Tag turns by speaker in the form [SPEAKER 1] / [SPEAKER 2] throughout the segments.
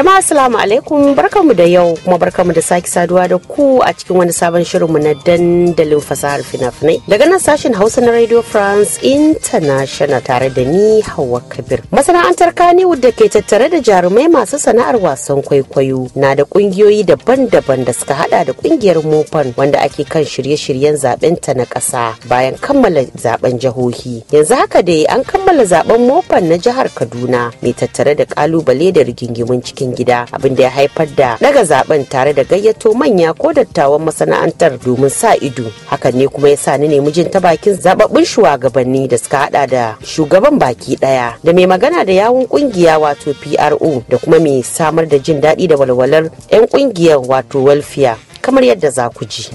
[SPEAKER 1] Jama'a salamu alaikum barkamu da yau kuma barkanmu da sake saduwa da ku a cikin wani sabon shirinmu na dandalin fasahar fina-finai daga nan sashen Hausa na Radio France International tare da ni Hauwa Kabir. Masana'antar Kannywood da ke tattare da jarumai masu sana'ar wasan kwaikwayo na da kungiyoyi daban-daban da suka hada da kungiyar Mofan wanda ake kan shirye-shiryen zaben ta na ƙasa bayan kammala zaben jihohi. Yanzu haka dai an kammala zaben Mofan na jihar Kaduna mai tattare da kalubale da rigingimun cikin cikin gida abin da ya haifar da daga zaben tare da gayyato manya ko dattawan masana'antar domin sa ido hakan ne kuma ya sa ni nemi jin ta bakin zababbun shugabanni da suka hada da shugaban baki daya da mai magana da yawun kungiya wato PRO da kuma mai samar da jin daɗi da walwalar 'yan kungiyar wato welfare kamar yadda za ku ji.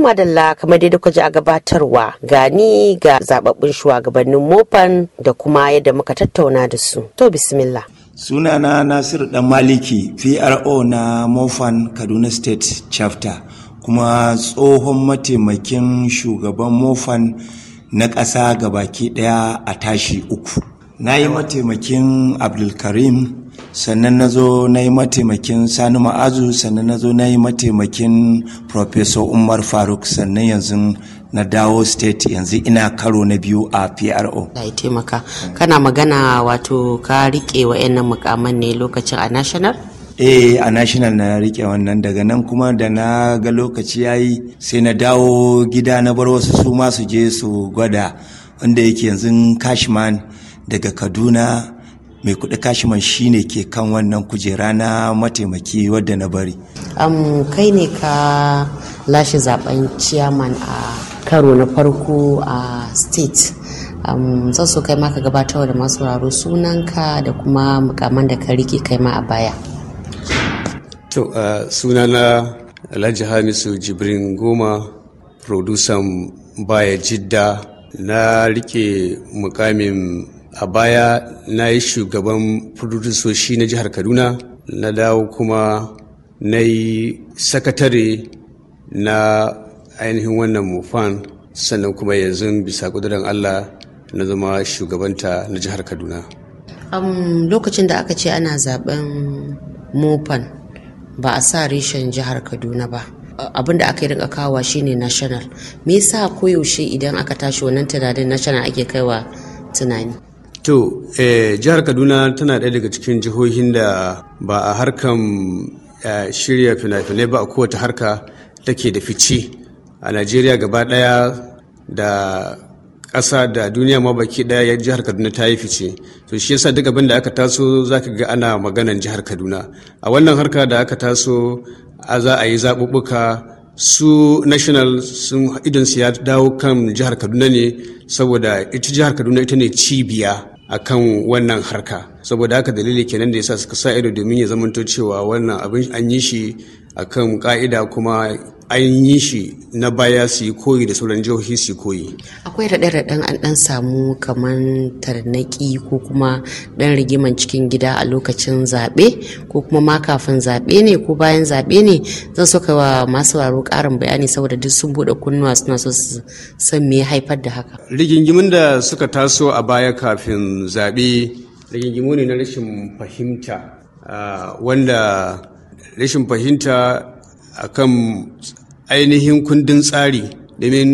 [SPEAKER 1] madalla kamar dai kuka ji a gabatarwa gani ga zababbun shugabannin mofan da kuma yadda muka tattauna da su to bismillah
[SPEAKER 2] sunana nasiru dan maliki pro na mofan kaduna state chapter kuma tsohon mataimakin shugaban mofan na ƙasa baki ɗaya a tashi uku na yi mataimakin abdulkarim sannan na zo na yi mataimakin sani ma'azu sannan na zo na yi mataimakin professor umar faruk sannan yanzu na dawo state yanzu ina karo na biyu a pro ya taimaka kana
[SPEAKER 1] magana wato ka rike wa'annan mukaman ne lokacin a national eh a
[SPEAKER 2] national na rike wannan daga nan kuma da na ga lokaci ya yi, sai na dawo gida na bar wasu su ma su je su gwada wanda yake yanzu kashman daga kaduna mai kuɗi kashiman shine ke kan wannan kujera na mataimaki wadda na bari
[SPEAKER 1] um, kai ne ka
[SPEAKER 2] lashe zaben
[SPEAKER 1] ciyaman a karo na farko a state um, zan so kai ma ka gabatar da masu raro sunanka da kuma mukaman da ka rike kai ma a baya
[SPEAKER 3] to uh, sunana alhaji hamisu jibrin goma producer baya jidda na rike mukamin a baya na yi shugaban fududusoshi na jihar kaduna na dawo kuma na yi sakatare na ainihin wannan mufan sannan kuma yanzu bisa kudurin allah na zama shugabanta na jihar kaduna
[SPEAKER 1] um, lokacin da aka ce ana zaben mofan ba a sa reshen jihar kaduna ba abin da aka yi rinka kawa shine national me yasa koyaushe idan aka tashi wannan tunanin national ake kaiwa tunani
[SPEAKER 3] To, eh, jihar Kaduna tana ɗaya daga cikin jihohin da ba a harkan eh, shirya fina-finai ba a kowace harka take da fice a Najeriya gaba ɗaya da ƙasa da duniya ma baki ɗaya jihar Kaduna ta yi fice. To shi yasa duk abin da aka taso za ka ga ana maganan jihar Kaduna. A wannan harka da aka taso a za a yi zaɓuɓɓuka su national sun su ya dawo kan jihar kaduna ne saboda ita jihar kaduna ita ne cibiya akan wannan harka saboda haka dalili kenan da yasa suka sa ido domin ya zamanto cewa wannan abin an yi shi akan ka'ida kuma an yi shi na baya su yi koyi da sauran jihohi su koyi.
[SPEAKER 1] Akwai raɗe-raɗen an ɗan samu kamar tarnaki ko kuma ɗan rigiman cikin gida a lokacin zaɓe ko kuma ma kafin zaɓe ne ko bayan zaɓe ne zan so wa masu waro ƙarin bayani saboda duk sun buɗe kunnuwa suna so su san me haifar da haka.
[SPEAKER 3] Rigingimin da suka taso a baya kafin zaɓe rigingimu ne na rashin fahimta ah, wanda rashin fahimta kan ainihin kundin tsari domin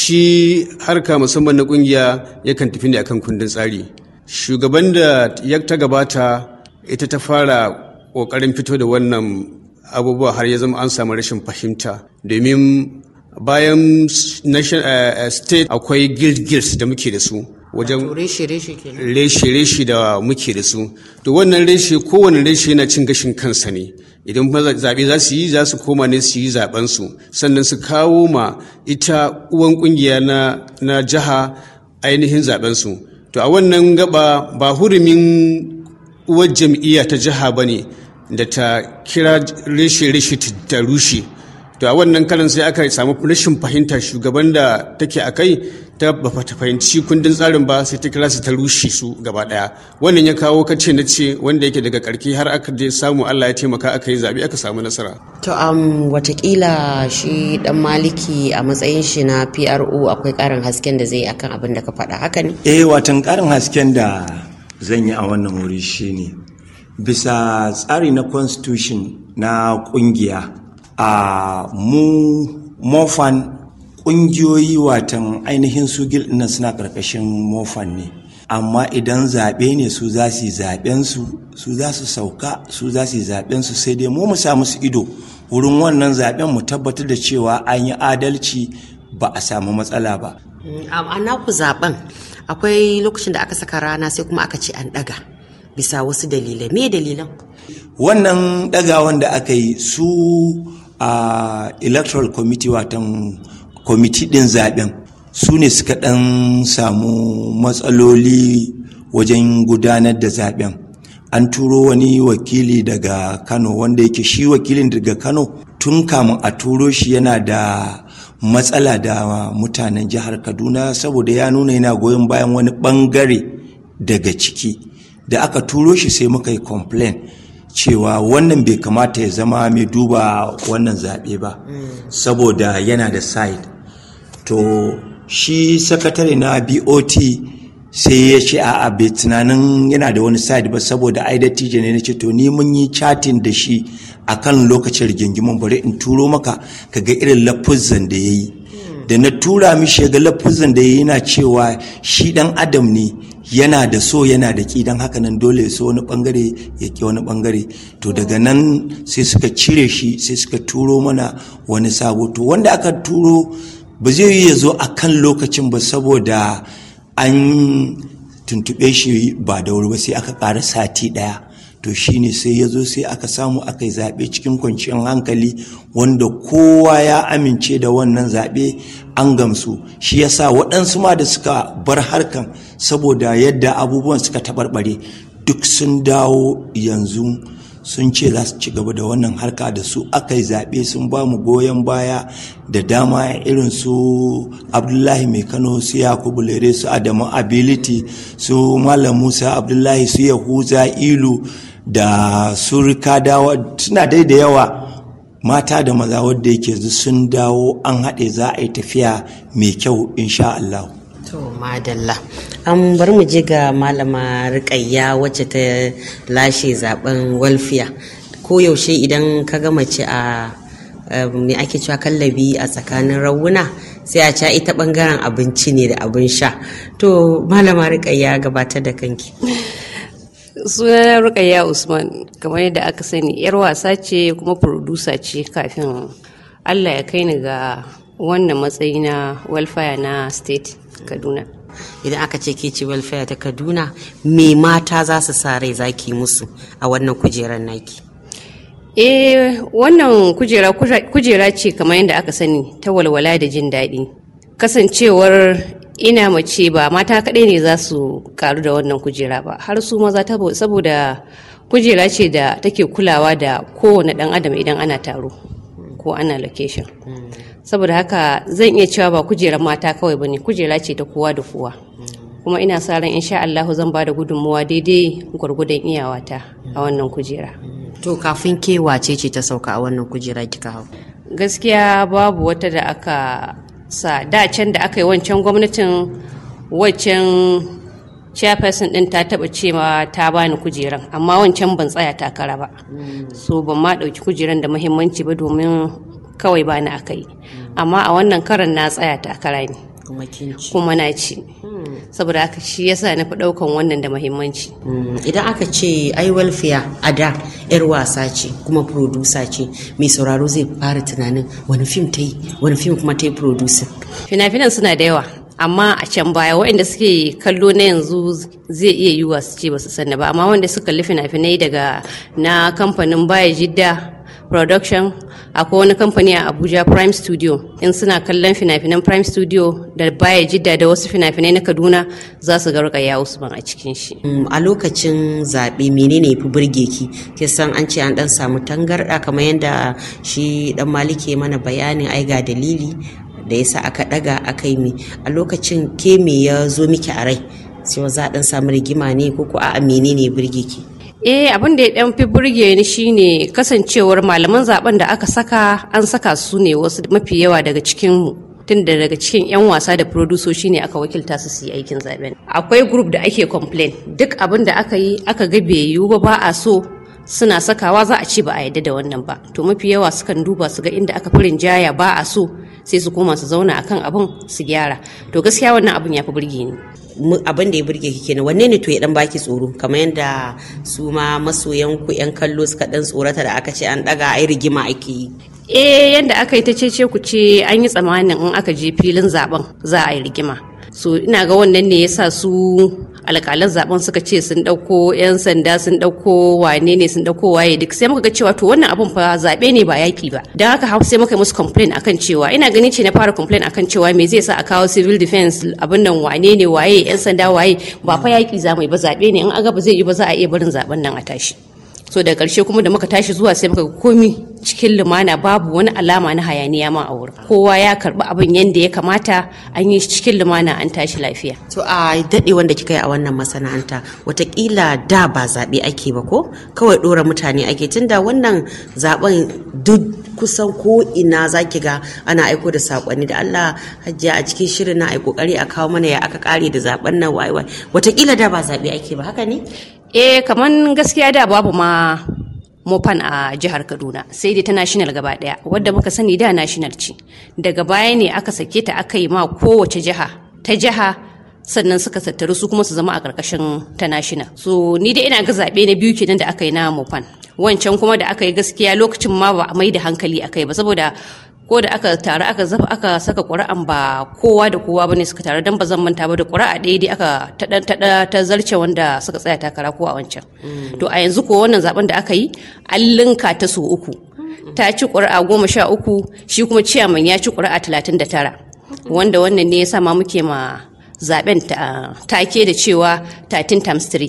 [SPEAKER 3] shi harka musamman na kungiya yakan tafi ne akan kundin tsari shugaban da ya ta gabata ita ta fara ƙoƙarin fito da wannan abubuwa har ya zama an samu rashin fahimta domin bayan eh, state akwai guild guilds da muke da su wajen reshe-reshe da muke da su to wannan reshe kowane reshe na cin gashin kansa ne idan zaɓe za su yi za su koma ne su yi zaɓensu sannan su kawo ma ita uwan ƙungiya na jiha ainihin zaɓensu to a wannan gaba ba hurumin uwar jam'iyya ta jiha ba ne da ta kira reshe-reshe ta rushe to a wannan karan sai aka samu rashin fahimta shugaban da take a kai ta ba fahimci kundin tsarin ba sai ta kira su ta rushe su gaba daya wannan ya kawo kace na ce wanda yake daga karki har aka je samu Allah ya taimaka aka yi zabi
[SPEAKER 2] aka samu nasara
[SPEAKER 1] to am um, watakila shi dan maliki a matsayin shi na PRO akwai karin hasken da zai akan abin da ka faɗa haka ne
[SPEAKER 2] eh watan karin hasken da zan yi a wannan wuri shine bisa tsari na constitution na kungiya a mu mofan ƙungiyoyi watan ainihin su nan suna ƙarƙashin mofan ne amma idan zaɓe ne su za su su su za su sauka su za su zaɓen su sai dai mu mu sa musu ido wurin wannan zaɓen mu tabbatar da cewa an yi adalci ba a samu matsala ba
[SPEAKER 1] a naku zaɓen akwai lokacin da aka saka rana sai kuma aka ce an ɗaga bisa wasu dalilai me dalilan
[SPEAKER 2] wannan ɗagawan da aka yi su a electoral committee watan kwamiti ɗin zaɓen su ne suka ɗan samu matsaloli wajen gudanar da zaɓen an turo wani wakili daga kano wanda yake shi wakilin daga kano tun kamun a turo shi yana da matsala da mutanen jihar kaduna saboda ya nuna yana goyon bayan wani bangare daga ciki da aka turo shi sai muka yi complain cewa wannan bai kamata ya zama mai duba wannan zaɓe ba saboda yana da side to shi sakatare na bot sai ya ce a bai tunanin yana da wani side ba saboda ai dattijo ne na ce to ni mun yi chatin da shi akan lokacin rigingimin bari in turo maka kaga irin lafuzan da ya yi da na tura mishi ga lafuzin da yana cewa shi dan adam ne yana da so yana da ki dan haka nan dole ya so wani bangare ya ki wani bangare to daga nan sai suka cire shi sai suka turo mana wani sabo to wanda aka turo ba zai yi ya zo a kan lokacin ba saboda an tuntuɓe shi ba da wuri ba sai aka ƙara sati ɗaya to shi ne sai ya zo sai aka samu aka yi zaɓe cikin kwanciyar hankali wanda kowa ya amince da wannan zaɓe an gamsu shi ya sa waɗansu ma da suka bar harkan saboda yadda abubuwan suka taɓarɓare duk sun dawo yanzu sun ce za su ci gaba da wannan harka da su aka yi zaɓe sun ba mu goyon baya da dama irin su abdullahi mai kano su yakubu lere su adamu ability su malam musa abdullahi su yahuza ilu da surika dawa suna dai da yawa mata da maza wadda yake sun dawo an haɗe za a yi tafiya mai kyau insha Allah.
[SPEAKER 1] To madalla. An bar mu je ga malama rikayya wacce ta lashe zaben walfiya. Ko yaushe idan ka ga mace a eh, me ake cewa kallabi a tsakanin rawuna sai a ca ita bangaren abinci ne da abin sha. To malama rikayya gabata da kanki.
[SPEAKER 4] sunana rukayya usman kamar yadda aka sani yar wasa ce
[SPEAKER 1] kuma producer ce kafin
[SPEAKER 4] allah ya kai ni ga wannan matsayi na welfare na state kaduna
[SPEAKER 1] idan aka ce ce welfare ta kaduna me mata za su sa rai zaki musu a wannan kujerar naki
[SPEAKER 4] eh wannan kujera kujera ce kamar yadda aka sani ta walwala da jin daɗi kasancewar ina mace ba mata kaɗai ne za su karu da wannan kujera ba har su maza saboda kujera ce da take kulawa da kowane ɗan adam idan ana taro ko ana location saboda haka zan iya cewa ba kujerar mata kawai ba ne kujera ce ta kowa da kowa kuma ina sa ran insha Allah zan ba da gudunmuwa daidai gwargwadon iyawata
[SPEAKER 1] a wannan kujera. To kafin ke wace ce ta sauka a wannan kujera kika hau?
[SPEAKER 4] Gaskiya babu wata da aka sa da can da aka yi wancan gwamnatin waccan chairperson din ta taba cewa ta bani kujeran amma wancan ban tsaya takara ba so ban ma dauki kujeran da muhimmanci ba domin kawai bani aka yi amma a wannan karan na tsaya takara ne kuma kin ci kuma na ci hmm. saboda haka shi yasa na fi daukan wannan da muhimmanci
[SPEAKER 1] hmm. idan aka ce ai welfare a da yar wasa ce kuma producer ce mai sauraro zai fara tunanin wani fim ta yi wani fim kuma ta yi producer
[SPEAKER 4] fina-finan suna da yawa amma a can baya waɗanda suke kallo na yanzu zai iya yiwuwa su ce ba su ba amma wanda suka kalli fina-finai daga na kamfanin baya jidda production akwai wani kamfani a abuja prime studio in suna kallon fina-finan prime studio da baya jidda da wasu fina-finai na kaduna za su ga ya usman a cikin shi
[SPEAKER 1] mm, a lokacin zaɓe menene ya fi burge ki kisan an ce an dan samu tangarɗa kamar yadda shi dan malike mana bayanin ai ga dalili da yasa aka daga aka yi a lokacin ke me ya zo miki a rai sai za a dan samu rigima ne ko ko a'a menene ya burge ki
[SPEAKER 4] Eh abin da ya dan fi burge ni shine kasancewar malaman zaben da aka saka an saka su ne wasu mafi yawa daga cikin tun da daga cikin 'yan wasa da shi ne aka wakilta su su yi aikin zaben. Akwai group da ake complain duk abin da aka yi aka ga bai yiwu ba ba a so suna sakawa za a ce ba a yadda da wannan ba to mafi yawa sukan duba su ga inda aka firin jaya ba a so sai su koma su zauna akan abin
[SPEAKER 1] su gyara to gaskiya wannan abin ya fi burge ni abin da ya burge ki kenan wanne ne to ya dan baki tsoro kamar yadda su ma masoyan ku yan kallo suka dan tsorata da aka ce an daga ai rigima ake yi
[SPEAKER 4] eh yadda aka yi ta ce ku ce an yi tsammanin in aka je filin zaben za a yi rigima so ina ga wannan ne yasa su alkalan zaben suka ce sun ɗauko 'yan sanda sun ɗauko wane ne sun ɗauko waye duk sai muka ga cewa to wannan abun fa zaɓe ne ba yaki ba dan haka sai muka musu complain akan cewa ina gani ce na fara complain akan cewa me zai sa a kawo civil defense abin nan wane ne waye 'yan sanda waye ba fa yaƙi za yi ba zaɓe ne in aga ba zai yi ba za a iya barin zaben nan a tashi. so da karshe kuma da muka tashi zuwa sai muka komi cikin lumana babu wani alama na hayaniya ma a wurin kowa ya karbi abin yadda ya kamata
[SPEAKER 1] an yi cikin lumana an tashi lafiya to a daɗe wanda kika yi a wannan masana'anta watakila da ba zaɓe ake ba ko kawai ɗora mutane ake tunda wannan zaɓen duk kusan ko ina za ki ga ana aiko da sakonni da Allah hajjiya a cikin shirin na ai kokari a kawo mana ya aka kare da zaben nan wai wai watakila da ba zabe ake ba haka ne eh kaman gaskiya da babu ma mofan a jihar kaduna
[SPEAKER 4] sai dai ta national gaba daya wadda muka sani da national ce daga baya ne aka sake ta aka yi ma kowace jiha ta jiha sannan suka tattaru su kuma su zama a ƙarƙashin ta national so ni dai ina ga zaɓe na biyu kenan da aka yi na mufan wancan kuma da aka yi gaskiya lokacin ma ba a mai da hankali a kai ba saboda ko da aka taru aka zafa aka saka ƙuri'an ba kowa da kowa bane suka taru dan ba zan manta ba da ƙuri'a ɗaya dai aka taɗan taɗa ta zarce wanda suka tsaya takara ko a wancan mm. to a yanzu ko wannan zaben da aka yi an linka ta so uku ta ci ƙuri'a goma sha uku shi kuma ciyaman ya ci ƙuri'a talatin da tara mm. wanda wannan ne ya sa ma muke ma zaben take da cewa 13 times 3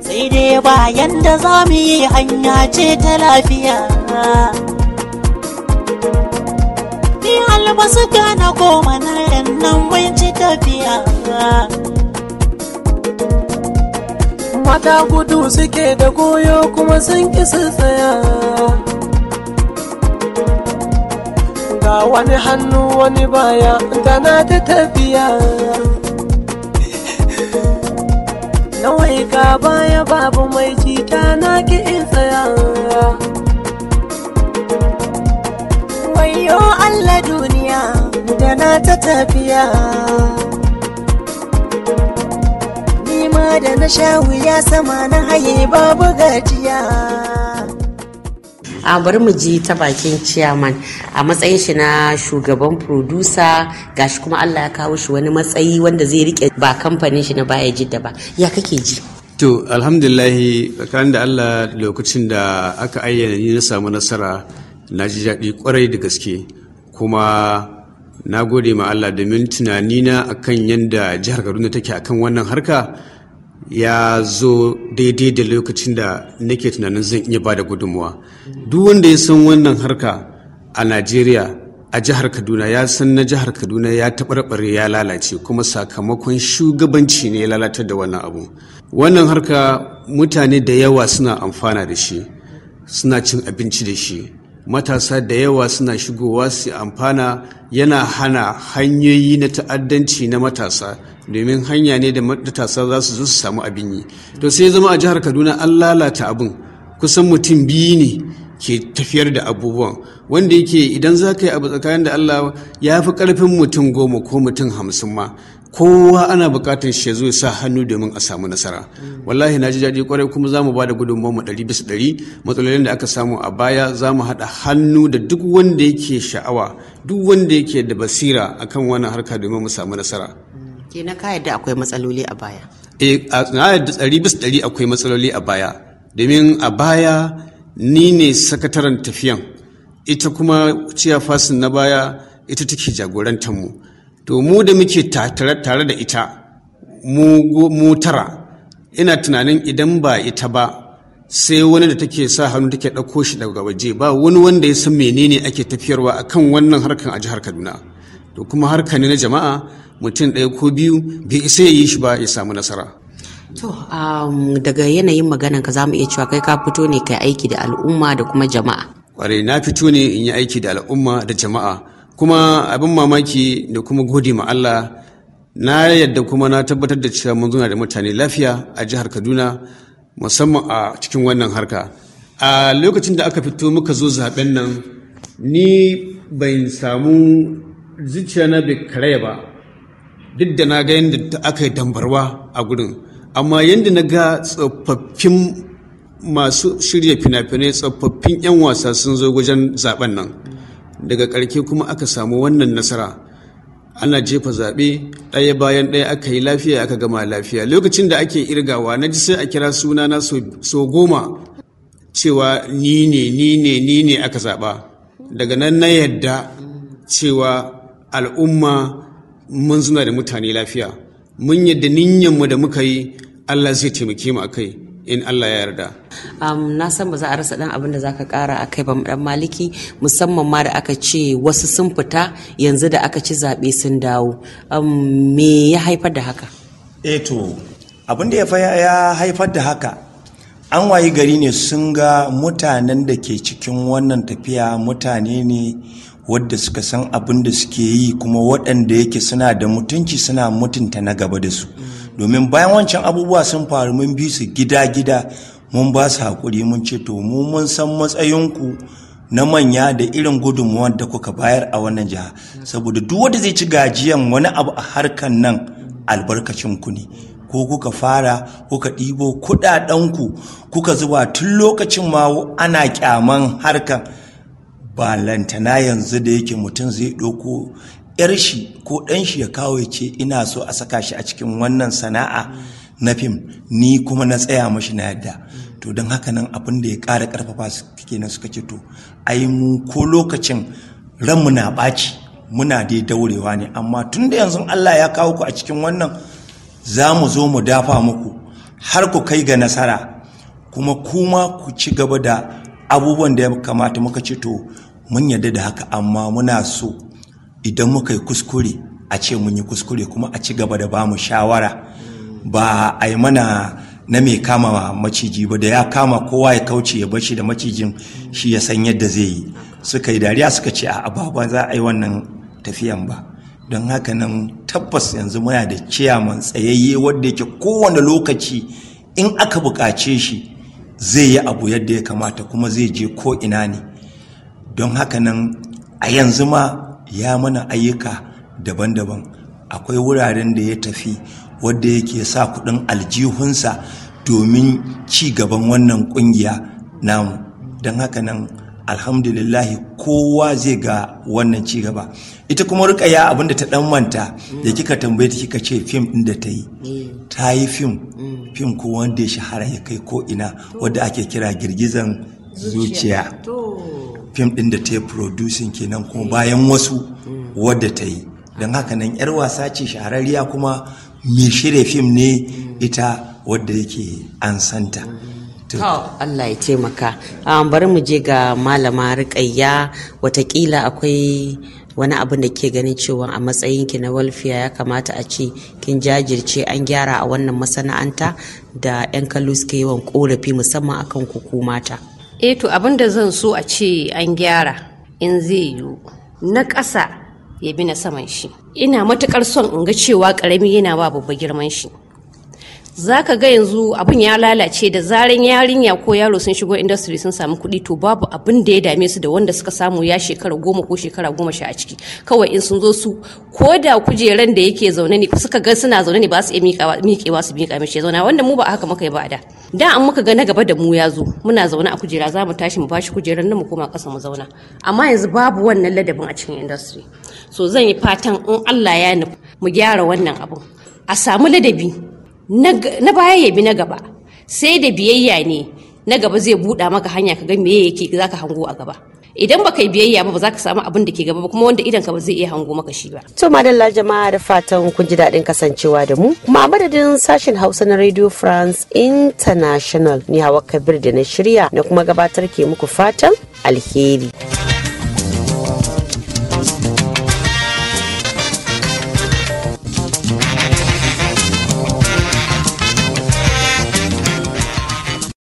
[SPEAKER 1] sai dai bayan da za mu yi hanya ce ta lafiya ni albasu gana goma na yan nan mun tafiya mata gudu suke da goyo kuma sun ƙi tsaya wani hannu wani baya na ta tafiya nawai ka baya babu mai jita na ki in tsaya wayo allah duniya na ta tafiya nima da na sha wuya sama na haye babu gajiya a bari mu ji ta bakin ciyaman a matsayin shi na shugaban ga shi kuma Allah ya kawo shi wani matsayi wanda zai rike ba kamfanin shi na baya jidda ba ya kake ji
[SPEAKER 3] to alhamdulillahi tsakanin da Allah lokacin da aka ayyana ni na samu nasara na ji daɗi kwarai da gaske kuma na gode ma Allah domin tunani na akan yadda jihar Kaduna take akan wannan harka ya zo daidai da lokacin da nake tunanin zan iya ba da gudunmuwa duk wanda ya san wannan harka a najeriya a jihar kaduna ya san na jihar kaduna ya taɓarɓare ya lalace kuma sakamakon shugabanci ne ya lalatar da wannan abu wannan harka mutane da yawa suna amfana da shi suna cin abinci da shi matasa da yawa suna shigowa su amfana yana hana hanyoyi na ta'addanci na matasa domin hanya ne da matasa za su zo su samu abin yi to sai zama a jihar kaduna an lalata abin kusan mutum biyu ne ke tafiyar da abubuwan wanda yake idan za ka yi abu tsakanin da allah ya fi karfin mutum goma ko mutum hamsin ma kowa ana bukatar shi zo sa hannu domin a samu nasara wallahi na ji daɗi kwarai kuma za mu ba da gudunmu ɗari bisa ɗari matsalolin da aka samu a baya za mu haɗa hannu da duk wanda yake sha'awa duk wanda yake da basira akan wannan harka domin mu samu nasara
[SPEAKER 1] ke na akwai matsaloli a baya
[SPEAKER 3] eh na yadda ɗari bisa ɗari akwai matsaloli a baya domin a baya ni ne sakataren tafiyan ita kuma ciya fasin na baya ita take jagorantar mu to mu da muke tare da ita mu tara ina tunanin idan ba ita ba sai wani da take sa hannu take ɗauko shi daga waje ba wani wanda ya san menene ake tafiyarwa a kan wannan harkan a jihar kaduna to kuma harka ne na jama'a mutum ɗaya ko biyu bai isa ya yi shi ba ya samu nasara
[SPEAKER 1] To um, daga yanayin maganan ka zamu iya cewa kai ka fito ne kai aiki da al'umma da kuma jama'a.
[SPEAKER 3] Kwarai na fito ne in yi aiki da al'umma da jama'a kuma abin mamaki da kuma gode ma Allah na yadda kuma na tabbatar da cewa mun zuna da mutane lafiya a jihar Kaduna musamman a cikin wannan harka a lokacin da aka fito muka zo zaben nan ni ban samu zuciya na bai karaya ba duk da na ga yadda aka yi dambarwa a gudun. amma yadda na ga tsofaffin masu shirya fina-finai tsofaffin 'yan wasa sun zo wajen zaben nan daga ƙarke kuma aka samu wannan nasara ana jefa zaɓe ɗaya bayan ɗaya aka yi lafiya aka gama lafiya lokacin da ake irgawa na ji sai a kira sunana so goma cewa ni ne ni ne ni ne aka zaɓa daga nan na yadda cewa al'umma mun zuna da mutane lafiya mun yadda ninyanmu da muka yi allah zai taimake mu a kai in Allah ya yarda.
[SPEAKER 1] Um, na san ba za a rasa dan abin da za ka kara a kai ba dan maliki musamman ma da aka ce wasu sun fita yanzu da aka ci zaɓe
[SPEAKER 2] sun dawo um, me ya haifar da haka? Eto eh abin da ya haifar da haka an wayi gari ne sun ga mutanen da ke cikin wannan tafiya mutane ne wadda suka san abin da suke yi kuma waɗanda yake suna da mutunci suna mutunta na gaba da su. Mm. domin bayan wancan abubuwa sun faru mun bi su gida-gida mun ba su haƙuri mun ce to mu mun san matsayinku na manya da irin gudunmuwan da kuka bayar a wannan jiha saboda duk wanda zai ci gajiyan wani abu a harkan nan albarkacin ku ne ko kuka fara kuka ɗibo ku kuka zuba tun lokacin ma ana kyaman harkan ba lantana yanzu da yake mutum zai ɗauko 'yar shi ko ɗan shi ya kawo ya ce ina so a saka shi a cikin wannan sana'a na fim ni kuma na tsaya mashi na yadda to don haka nan abin da ya ƙara ƙarfafa su na suka ce to ai mu ko lokacin ranmu na ɓaci muna dai daurewa ne amma tun da yanzu Allah ya kawo ku a cikin wannan za mu zo mu dafa muku har ku kai ga nasara kuma kuma ku ci gaba da abubuwan da ya kamata muka ce to mun yarda da haka amma muna so idan muka yi kuskure a ce mun yi kuskure kuma a ci gaba da mu shawara ba a yi mana na mai kama maciji ba da ya kama kowa ya kauce ya bashi da macijin shi ya san yadda zai yi suka yi dariya suka ce a ba za a yi wannan tafiyan ba don haka nan tabbas yanzu muna da ciyaman tsayayye wadda yake kowane lokaci in aka buƙace shi zai yi abu yadda ya kamata kuma zai je ko ina ne don haka nan a yanzu ma ya mana ayyuka daban-daban akwai wuraren da ya tafi wadda yake sa kudin aljihunsa domin ci gaban wannan kungiya namu don haka nan alhamdulillahi kowa zai ga wannan ci gaba ita kuma ya abinda ta dan manta da kika tambaye ta kika ce fim din da ta yi ta yi fim fim ko wanda ya shahara ya kai ko ina wadda ake kira girgizan zuciya fim ɗin da ta yi producing kenan kuma bayan wasu wadda ta yi don haka nan 'yar wasa ce shahararriya kuma mai shirya fim ne ita wadda yake an santa Allah ya taimaka ah, bari mu je ga
[SPEAKER 1] malama rikayya watakila akwai wani abin da ke ganin cewa a matsayin ki na walfiya ya kamata a ce kin jajirce an gyara a wannan masana'anta da 'yan kallo suke yawan korafi musamman akan ku mata.
[SPEAKER 4] eh to abin da zan so a ce an gyara in zai yiwu na ƙasa ya bi na saman shi ina matuƙar son in ga cewa ƙarami yana ba babba girman shi za ka ga yanzu abin ya lalace da zaran yarinya ko yaro sun shigo industry sun samu kuɗi to babu abin da ya dame su da wanda suka samu ya shekara goma ko shekara goma sha a ciki kawai in sun zo su ko da kujeran da yake zaune ne suka ga suna zaune ne ba su iya miƙewa su miƙa mishi zauna wanda mu ba haka muka yi ba da da an muka ga na gaba da mu ya zo muna zaune a kujera za mu tashi mu bashi kujeran nan mu koma ƙasa mu zauna amma yanzu babu wannan ladabin a cikin industry so zan yi fatan in Allah ya nufi mu gyara wannan abun a samu ladabi na baya ya bi na gaba sai da biyayya ne na gaba zai buɗa maka hanya ka ga meye yake za ka hango a gaba idan baka yi biyayya ba za ka samu abin da ke gaba ba kuma wanda idan ka ba zai iya hango maka shi ba.
[SPEAKER 1] To madalla jama'a da fatan kun ji daɗin kasancewa da mu. Kuma madadin sashen Hausa na Radio France International ni hawa Kabir da na shirya na kuma gabatar ke muku fatan alheri.